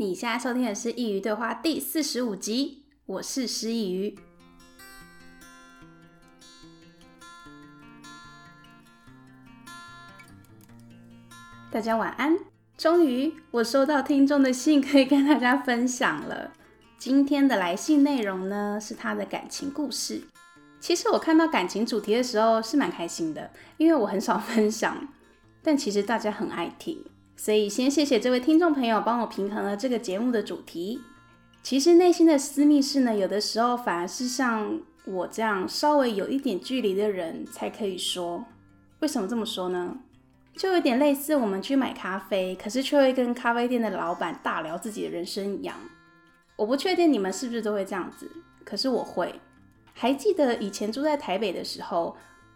你現在收聽的是《佾萮對話》第四十五集，我是師佾萮。大家晚安。終於，我收到聽眾的信，可以跟大家分享了。今天的來信內容呢，是他的感情故事。其實我看到感情主題的時候是蠻開心的，因為我很少分享，但其實大家很愛聽。所以，先謝謝這位聽眾朋友幫我平衡了這個節目的主題。其實，內心的私密事呢，有的時候反而是像我這樣稍微有一點距離的人才可以說。為什麼這麼說呢？就有點類似我們去買咖啡，可是卻會跟咖啡店的老闆大聊自己的人生一樣。我不確定你們是不是都會這樣子，可是我會。還記得以前住在台北的時候，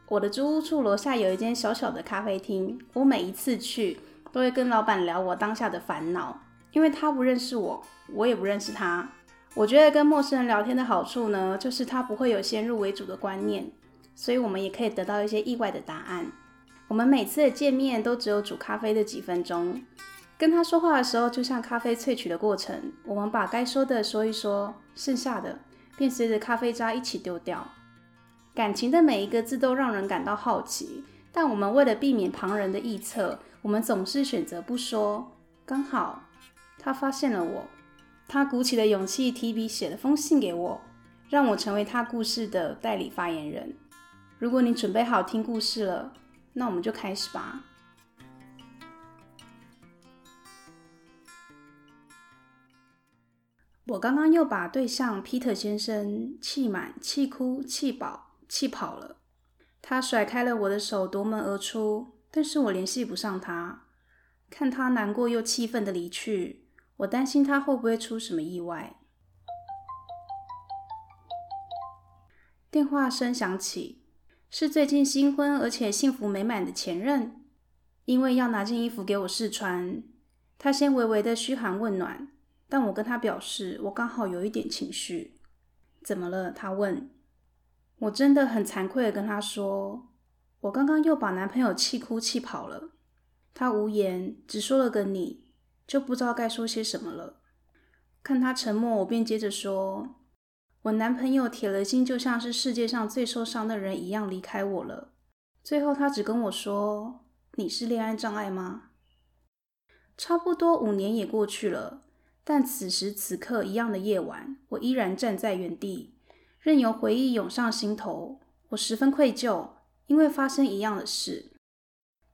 我的租屋處樓下有一間小小的咖啡廳，我每一次去，都會跟老闆聊我當下的煩惱，因為他不認識我，我也不認識他。我覺得跟陌生人聊天的好處呢，就是他不會有先入為主的觀念，所以我們也可以得到一些意外的答案。我們每次的見面都只有煮咖啡的幾分鐘，跟他說話的時候就像咖啡萃取的過程，我們把該說的說一說，剩下的便隨着咖啡渣一起丟掉。感情的每一個字都讓人感到好奇。但我們為了避免旁人的臆測，我們總是選擇不說。剛好他發現了我，他鼓起了勇氣，提筆寫了封信給我，讓我成為他故事的代理發言人。如果你準備好聽故事了，那我們就開始吧。我剛剛又把對象皮特先生氣滿、氣哭、氣飽、氣跑了。他甩開了我的手，奪門而出。但是我聯繫不上他，看他難過又氣憤的離去，我擔心他會不會出什麼意外。電話聲響起，是最近新婚而且幸福美滿的前任，因為要拿件衣服給我試穿，他先微微的噓寒問暖，但我跟他表示我剛好有一點情緒。怎麼了？他問。我真的很慚愧地跟他說：“我剛剛又把男朋友氣哭氣跑了。”他無言，只說了個“你”，就不知道該說些什麼了。看他沉默，我便接着說：“我男朋友鐵了心，就像是世界上最受傷的人一樣，離開我了。”最後，他只跟我說：“你是戀愛障礙嗎？”差不多五年也過去了，但此時此刻一樣的夜晚，我依然站在原地。任由回憶湧上心頭，我十分愧疚，因為發生一樣的事。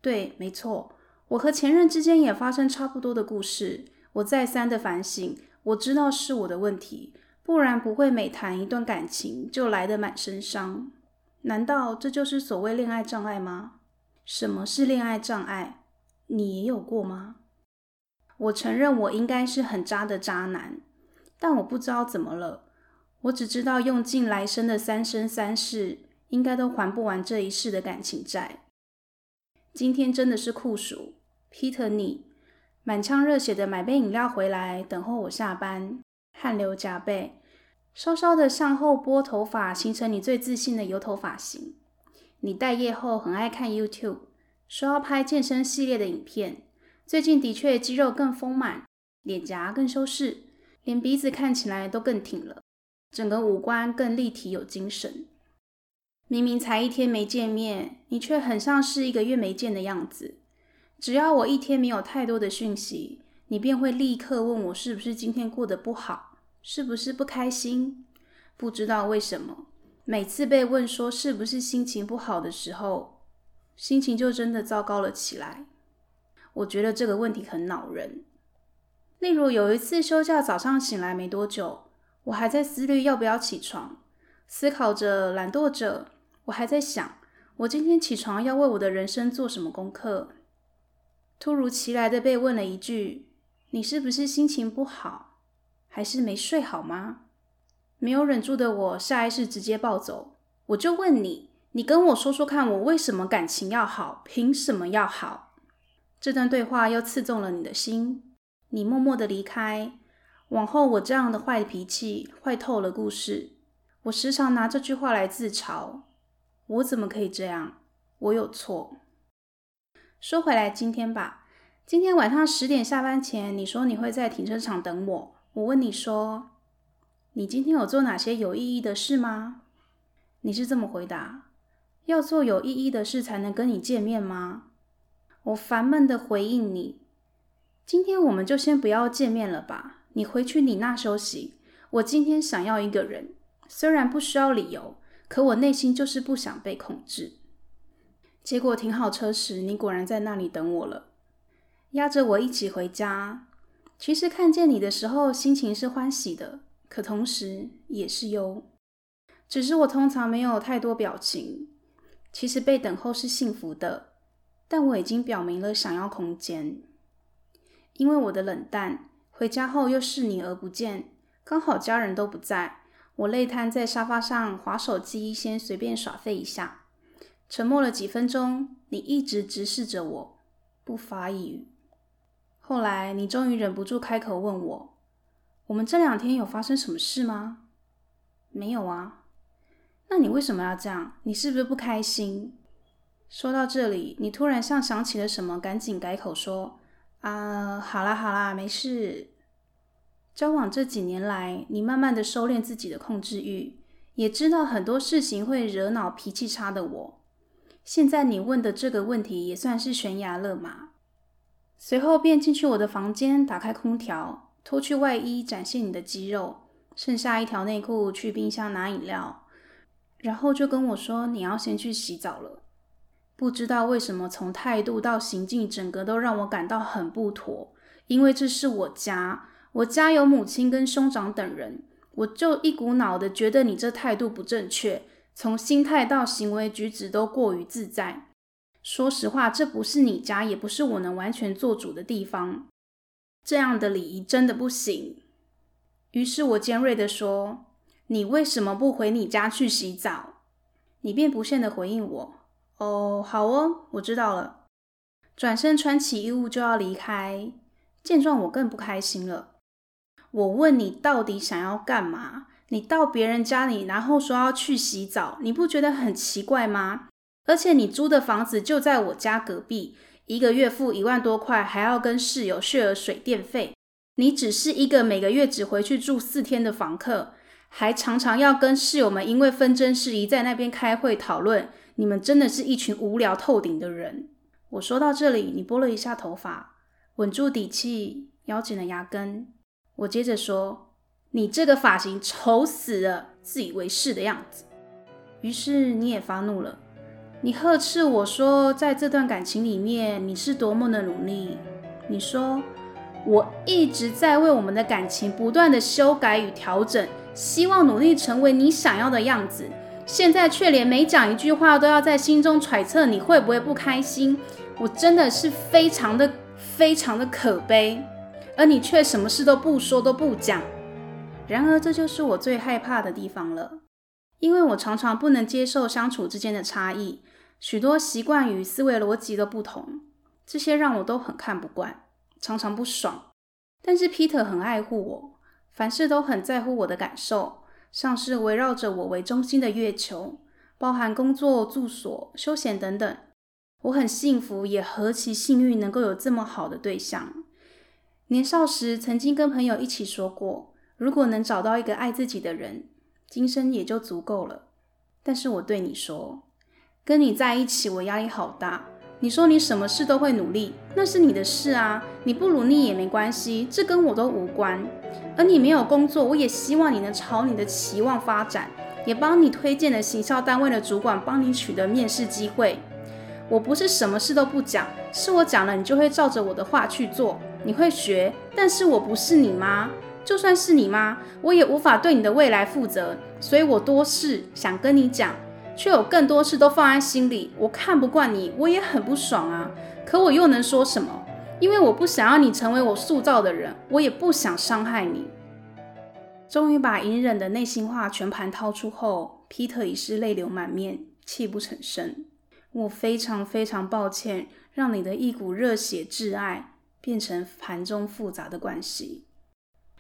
對，沒錯，我和前任之間也發生差不多的故事。我再三的反省，我知道是我的問題，不然不會每談一段感情就來得滿身傷。難道這就是所謂戀愛障礙嗎？什麼是戀愛障礙？你也有過嗎？我承認我應該是很渣的渣男，但我不知道怎麼了。我只知道用盡來生的三生三世，應該都還不完這一世的感情債。今天真的是酷暑，Peter，你滿腔熱血的買杯飲料回來，等候我下班，汗流浹背，稍稍的向後撥頭髮，形成你最自信的油頭髮型。你待業後很愛看 YouTube，說要拍健身系列的影片，最近的確肌肉更豐滿，臉頰更修飾，連鼻子看起來都更挺了。整個五官更立體有精神。明明才一天沒見面，你卻很像是一個月沒見的樣子。只要我一天沒有太多的訊息，你便會立刻問我是不是今天過得不好，是不是不開心。不知道為什麼，每次被問說是不是心情不好的時候，心情就真的糟糕了起來。我覺得這個問題很惱人。例如有一次休假早上醒來沒多久。我還在思慮要不要起床，思考着懶惰着。我還在想，我今天起床要為我的人生做什麼功課？突如其來的被問了一句：“你是不是心情不好，還是沒睡好嗎？”沒有忍住的我，下意識直接暴走。我就問你，你跟我說說看，我為什麼感情要好，憑什麼要好？這段對話又刺中了你的心，你默默的離開。往後我這樣的壞脾氣壞透了故事。我時常拿這句話來自嘲。我怎麼可以這樣？我有錯。說回來，今天吧。今天晚上十點下班前，你說你會在停車場等我。我問你說，你今天有做哪些有意義的事嗎？你是這麼回答：要做有意義的事才能跟你見面嗎？我煩悶地回應你：今天我們就先不要見面了吧。你回去你那休息。我今天想要一個人，雖然不需要理由，可我內心就是不想被控制。結果停好車時，你果然在那裡等我了，押着我一起回家。其實看見你的時候，心情是歡喜的，可同時也是憂。只是我通常沒有太多表情，其實被等候是幸福的，但我已經表明了想要空間，因為我的冷淡。回家後又視你而不見，剛好家人都不在，我累癱在沙發上滑手機，先隨便耍廢一下。沉默了幾分鐘，你一直直視着我，不發一語。後來你終於忍不住開口問我：“我們這兩天有發生什麼事嗎？”“沒有啊。”“那你為什麼要這樣？你是不是不開心？”說到這裡，你突然像想起了什麼，趕緊改口說。啊，uh, 好啦好啦，沒事。交往這幾年來，你慢慢的收斂自己的控制欲，也知道很多事情會惹惱脾氣差的我。現在你問的這個問題也算是懸崖勒馬。隨後便進去我的房間，打開空調，脫去外衣，展現你的肌肉，剩下一條內褲去冰箱拿飲料，然後就跟我說你要先去洗澡了。不知道為什麼，從態度到行徑，整個都讓我感到很不妥。因為這是我家，我家有母親跟兄長等人，我就一股腦的覺得你這態度不正確，從心態到行為舉止都過於自在。說實話，這不是你家，也不是我能完全做主的地方，這樣的禮儀真的不行。於是我尖銳的說：“你為什麼不回你家去洗澡？”你便不屑的回應我。哦，oh, 好哦，我知道了。轉身穿起衣物就要離開，見狀我更不開心了。我問你到底想要幹嘛？你到別人家裡，然後說要去洗澡，你不覺得很奇怪嗎？而且你租的房子就在我家隔壁，一個月付一萬多塊，還要跟室友 share 水電費。你只是一個每個月只回去住四天的房客，還常常要跟室友們因為紛爭事宜在那邊開會討論。你們真的是一群無聊透頂的人。我說到這裡，你撥了一下頭髮，穩住底氣，咬緊了牙根。我接着說：“你這個髮型醜死了，自以為是的樣子。”於是你也發怒了，你呵斥我說：“在這段感情裡面，你是多麼的努力。”你說：“我一直在為我們的感情不斷的修改與調整，希望努力成為你想要的樣子。”現在卻連每講一句話都要在心中揣測你會不會不開心，我真的是非常的非常的可悲，而你卻什麼事都不說都不講。然而，這就是我最害怕的地方了，因為我常常不能接受相處之間的差異，許多習慣與思維邏輯都不同，這些讓我都很看不慣，常常不爽。但是 Peter 很愛護我，凡事都很在乎我的感受。像是圍繞着我為中心的月球，包含工作、住所、休閒等等。我很幸福，也何其幸運，能夠有這麼好的對象。年少時曾經跟朋友一起說過，如果能找到一個愛自己的人，今生也就足夠了。但是我對你說，跟你在一起，我壓力好大。你說你什麼事都會努力，那是你的事啊，你不努力也沒關係，這跟我都無關。而你沒有工作，我也希望你能朝你的期望發展，也幫你推薦了行銷單位的主管幫你取得面試機會。我不是什麼事都不講，是我講了你就會照着我的話去做，你會學。但是我不是你媽，就算是你媽，我也無法對你的未來負責，所以我多事想跟你講，卻有更多事都放在心裡。我看不慣你，我也很不爽啊，可我又能說什麼？因為我不想要你成為我塑造的人，我也不想傷害你。終於把隱忍的內心話全盤掏出後，皮特已是淚流滿面，泣不成聲。我非常非常抱歉，讓你的一股熱血摯愛變成盤中複雜的關係。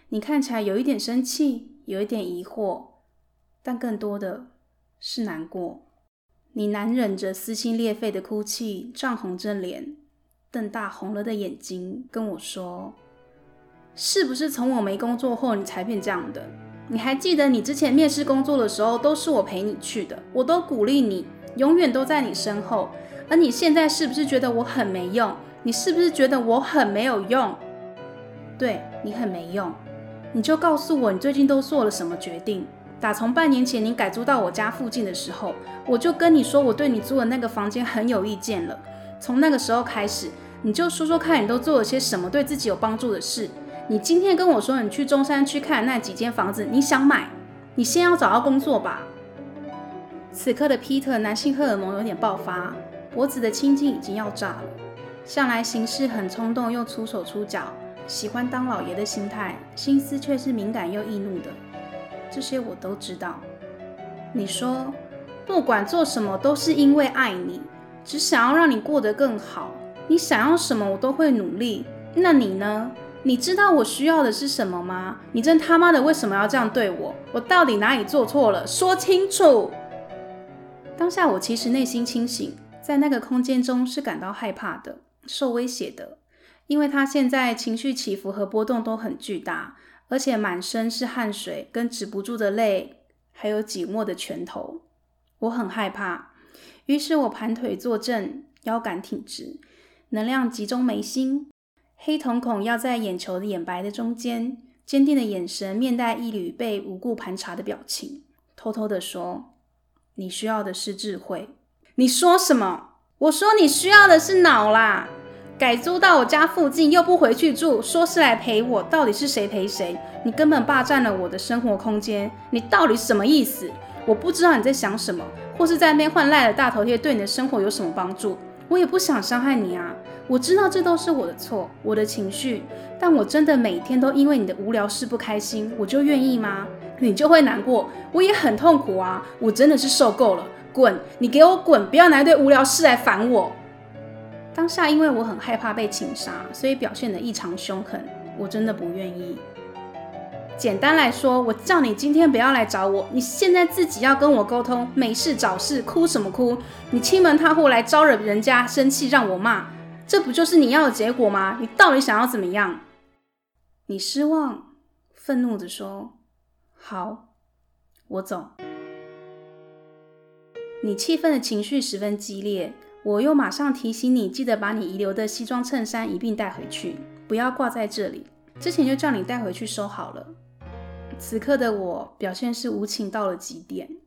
你看起來有一點生氣，有一點疑惑，但更多的是難過。你難忍着撕心裂肺的哭泣，漲紅着臉。瞪大紅了的眼睛跟我說：“是不是從我沒工作後，你才變這樣的？你還記得你之前面試工作的時候，都是我陪你去的，我都鼓勵你，永遠都在你身後。而你現在是不是覺得我很沒用？你是不是覺得我很沒有用？對你很沒用？你就告訴我，你最近都做了什麼決定？打從半年前你改租到我家附近的時候，我就跟你說，我對你租的那個房間很有意見了。”從那個時候開始，你就說說看，你都做了些什麼對自己有幫助的事？你今天跟我說你去中山區看那幾間房子，你想買，你先要找到工作吧。此刻的皮特，男性荷爾蒙有點爆發，脖子的青筋已經要炸了。向來行事很衝動又出手出腳，喜歡當老爺的心態，心思卻是敏感又易怒的。這些我都知道。你說，不管做什麼都是因為愛你。只想要讓你過得更好，你想要什麼我都會努力。那你呢？你知道我需要的是什麼嗎？你真他媽的為什麼要這樣對我？我到底哪裡做錯了？說清楚！當下我其實內心清醒，在那個空間中是感到害怕的，受威脅的，因為他現在情緒起伏和波動都很巨大，而且滿身是汗水，跟止不住的淚，還有緊握的拳頭，我很害怕。於是我盤腿坐正，腰桿挺直，能量集中眉心，黑瞳孔要在眼球的眼白的中間，堅定的眼神，面帶一縷被無故盤查的表情，偷偷的說：“你需要的是智慧。”你說什麼？我說你需要的是腦啦！改租到我家附近又不回去住，說是來陪我，到底是誰陪誰？你根本霸占了我的生活空間，你到底什麼意思？我不知道你在想什麼，或是在那邊換賴的大頭貼對你的生活有什麼幫助。我也不想傷害你啊，我知道這都是我的錯，我的情緒，但我真的每天都因為你的無聊事不開心，我就願意嗎？你就會難過，我也很痛苦啊，我真的是受夠了，滾，你給我滾，不要拿一堆無聊事來煩我。當下因為我很害怕被情殺，所以表現得異常兇狠，我真的不願意。簡單來說，我叫你今天不要來找我，你現在自己要跟我溝通，沒事找事，哭什麼哭？你欺門踏戶來招惹人家生氣，讓我罵，這不就是你要的結果嗎？你到底想要怎麼樣？你失望、憤怒地說：“好，我走。”你氣憤的情緒十分激烈，我又馬上提醒你，記得把你遺留的西裝襯衫一並帶回去，不要掛在這裡，之前就叫你帶回去收好了。此刻的我表現是無情到了極點。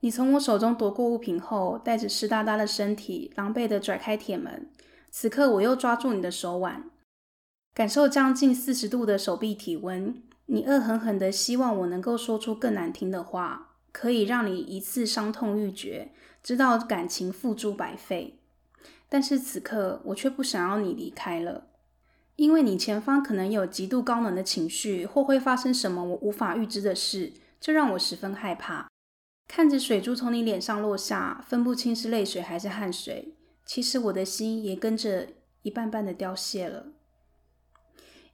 你從我手中奪過物品後，帶着濕噠噠的身體，狼狽的拽開鐵門。此刻，我又抓住你的手腕，感受將近四十度的手臂體溫。你惡狠狠的希望我能夠說出更難聽的話，可以讓你一次傷痛欲絕，直到感情付諸白費。但是此刻，我卻不想要你離開了。因為你前方可能有極度高能的情緒，或會發生什麼我無法預知的事，這讓我十分害怕。看着水珠從你臉上落下，分不清是淚水還是汗水。其實我的心也跟着一瓣瓣的凋謝了。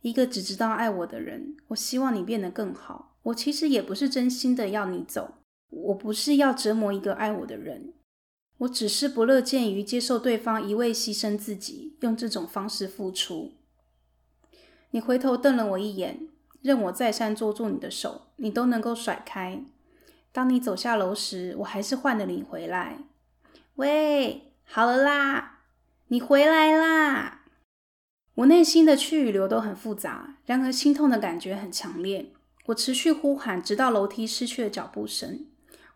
一個只知道愛我的人，我希望你變得更好。我其實也不是真心的要你走，我不是要折磨一個愛我的人，我只是不樂見於接受對方一味犧牲自己，用這種方式付出。你回頭瞪了我一眼，任我再三捉住你的手，你都能夠甩開。當你走下樓時，我還是喚了你回來。喂，好了啦，你回來啦！我內心的去與留都很複雜，然而心痛的感覺很強烈。我持續呼喊，直到樓梯失去了腳步聲。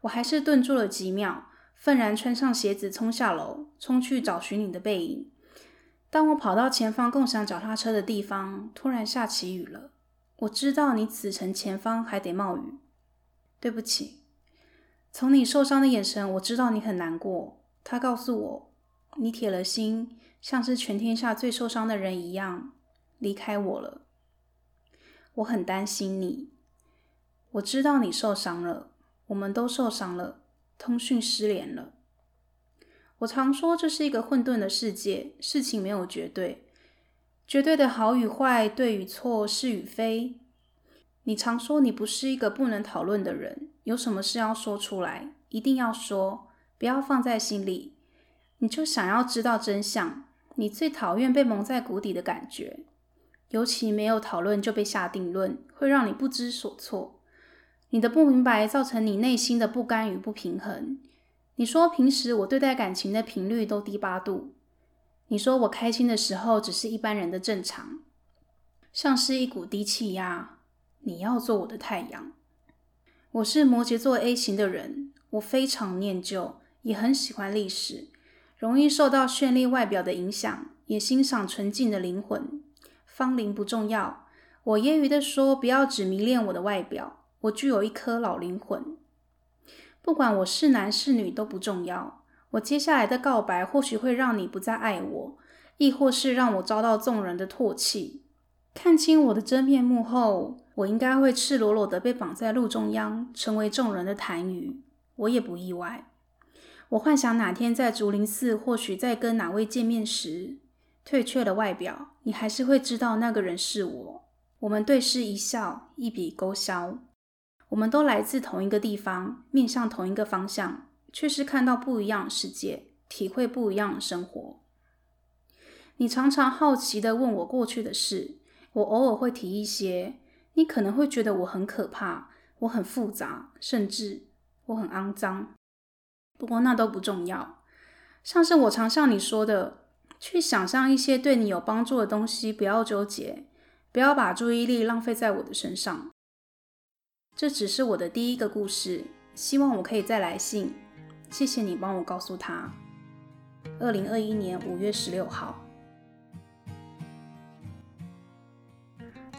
我還是頓住了幾秒，憤然穿上鞋子衝下樓，衝去找尋你的背影。當我跑到前方共享腳踏車的地方，突然下起雨了。我知道你此程前方還得冒雨。對不起，從你受傷的眼神，我知道你很難過。他告訴我，你鐵了心，像是全天下最受傷的人一樣，離開我了。我很擔心你。我知道你受傷了，我們都受傷了，通訊失聯了。我常說這是一個混沌的世界，事情沒有絕對，絕對的好與壞，對與錯，是與非。你常說你不是一個不能討論的人，有什麼事要說出來，一定要說，不要放在心裡。你就想要知道真相，你最討厭被蒙在鼓裡的感覺，尤其沒有討論就被下定論，會讓你不知所措。你的不明白造成你內心的不甘與不平衡。你說平時我對待感情的頻率都低八度，你說我開心的時候只是一般人的正常，像是一股低氣壓。你要做我的太陽。我是摩羯座 A 型的人，我非常念舊，也很喜歡歷史，容易受到絢麗外表的影響，也欣賞純淨的靈魂。芳齡不重要，我揶揄的說，不要只迷戀我的外表，我具有一顆老靈魂。不管我是男是女都不重要。我接下來的告白或許會讓你不再愛我，亦或是讓我遭到眾人的唾棄。看清我的真面目後，我應該會赤裸裸的被綁在路中央，成為眾人的痰盂。我也不意外。我幻想哪天在竹林寺，或許在跟哪位見面時，退卻了外表，你還是會知道那個人是我。我們對視一笑，一筆勾銷。我們都來自同一個地方，面向同一個方向，卻是看到不一樣的世界，體會不一樣的生活。你常常好奇地問我過去的事，我偶爾會提一些。你可能會覺得我很可怕，我很複雜，甚至我很骯髒。不過那都不重要。像是我常向你說的，去想象一些對你有幫助的東西，不要糾結，不要把注意力浪費在我的身上。這只是我的第一個故事，希望我可以再來信。謝謝你幫我告訴他。二零二一年五月十六號，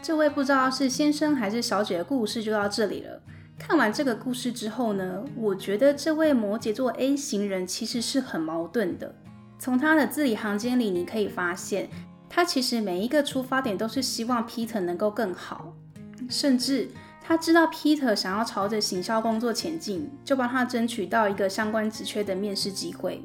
這位不知道是先生還是小姐的故事就到這裡了。看完這個故事之後呢，我覺得這位摩羯座 A 型人其實是很矛盾的。從他的字裡行間裡，你可以發現，他其實每一個出發點都是希望 Peter 能夠更好，甚至。他知道 Peter 想要朝着行銷工作前進，就幫他爭取到一個相關職缺的面試機會。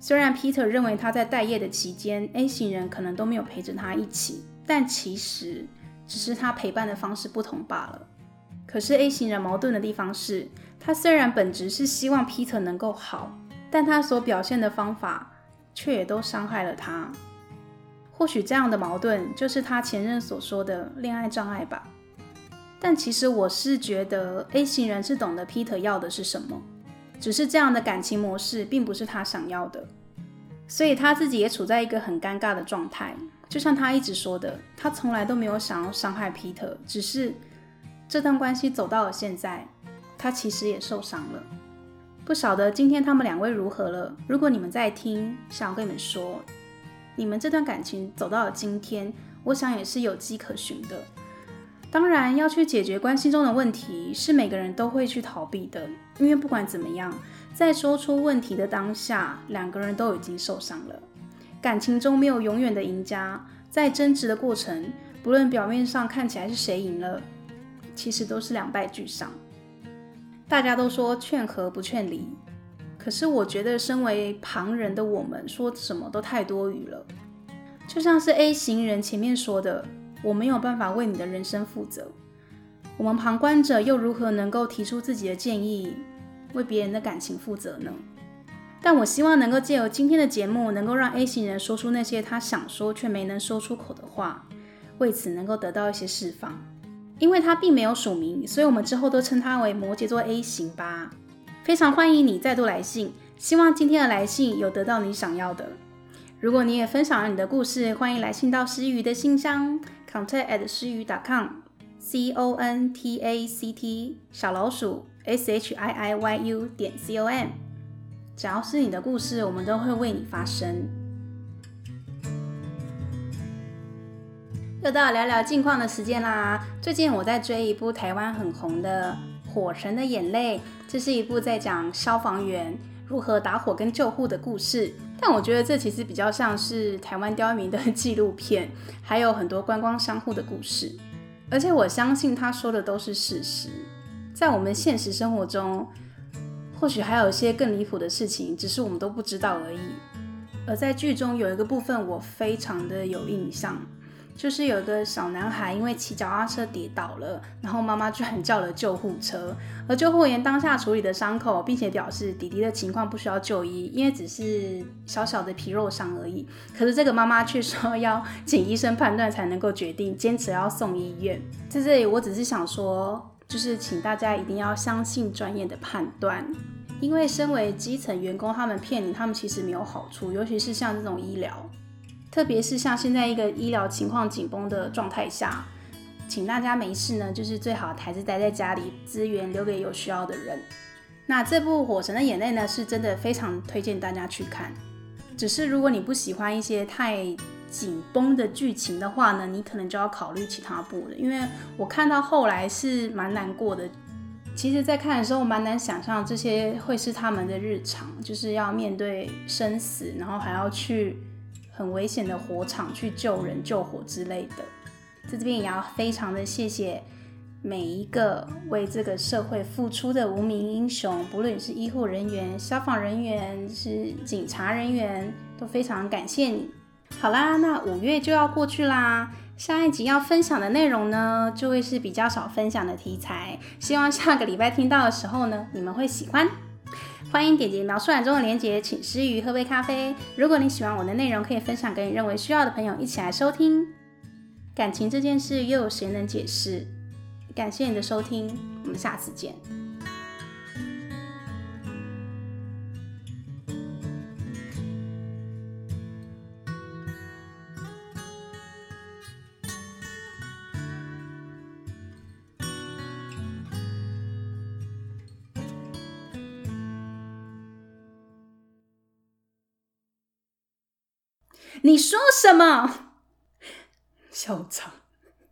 雖然 Peter 認為他在待業的期間，A 型人可能都沒有陪着他一起，但其實只是他陪伴的方式不同罷了。可是 A 型人矛盾的地方是，他雖然本質是希望 Peter 能夠好，但他所表現的方法卻也都傷害了他。或許這樣的矛盾，就是他前任所說的戀愛障礙吧。但其實我是覺得 A 型人是懂得 Peter 要的是什麼，只是這樣的感情模式並不是他想要的，所以他自己也處在一個很尷尬的狀態。就像他一直說的，他從來都沒有想要傷害 Peter，只是這段關係走到了現在，他其實也受傷了。不曉得今天他們兩位如何了。如果你們在聽，想要跟你們說，你們這段感情走到了今天，我想也是有跡可循的。當然，要去解決關係中的問題是每個人都會去逃避的，因為不管怎麼樣，在說出問題的當下，兩個人都已經受傷了。感情中沒有永遠的贏家，在爭執的過程，不論表面上看起來是誰贏了，其實都是兩敗俱傷。大家都說勸和不勸離，可是我覺得身為旁人的我們，說什麼都太多餘了。就像是 A 型人前面說的。我沒有辦法為你的人生負責，我們旁觀者又如何能夠提出自己的建議，為別人的感情負責呢？但我希望能夠借由今天的節目，能夠讓 A 型人說出那些他想說卻沒能說出口的話，為此能夠得到一些釋放。因為他並沒有署名，所以我們之後都稱他為摩羯座 A 型吧。非常歡迎你再度來信，希望今天的來信有得到你想要的。如果你也分享了你的故事，歡迎來信到師佾萮的信箱，contact shiiyu.com，c o n t a c t 小老鼠 s h i i y u 點 c o m，只要是你的故事，我們都會為你發聲。又到聊聊近況的時間啦，最近我在追一部台灣很紅的《火神的眼淚》，這是一部在講消防員。如何打火跟救護的故事，但我覺得這其實比較像是台灣刁民的紀錄片，還有很多觀光商戶的故事。而且我相信他說的都是事實。在我們現實生活中，或許還有一些更離譜的事情，只是我們都不知道而已。而在劇中有一個部分，我非常的有印象。就是有個小男孩因為騎腳踏車跌倒了，然後媽媽居然叫了救護車。而救護員當下處理的傷口，並且表示弟弟的情況不需要就醫，因為只是小小的皮肉傷而已。可是這個媽媽卻說要請醫生判斷才能夠決定，堅持要送醫院。在這裡，我只是想說，就是請大家一定要相信專業的判斷，因為身為基層員工，他們騙你，他們其實沒有好處，尤其是像這種醫療。特別是像現在一個醫療情況緊繃的狀態下，請大家沒事呢，就是最好還是待在家裡，資源留給有需要的人。那這部《火神的眼淚》呢，是真的非常推薦大家去看。只是如果你不喜歡一些太緊繃的劇情的話呢，你可能就要考慮其他部了，因為我看到後來是蠻難過的。其實，在看的時候，蠻難想象這些會是他們的日常，就是要面對生死，然後還要去。很危險的火場去救人救火之類的，在這邊也要非常的謝謝每一個為這個社會付出的無名英雄，不論你是醫護人員、消防人員、是警察人員，都非常感謝你。好啦，那五月就要過去啦，下一集要分享的內容呢，就會是比較少分享的題材，希望下個禮拜聽到的時候呢，你們會喜歡。歡迎點擊描述欄中的鏈接，請師佾萮喝杯咖啡。如果你喜歡我的內容，可以分享給你認為需要的朋友一起來收聽。感情這件事，又有誰能解釋？感謝你的收聽，我們下次見。你說什麼，笑場。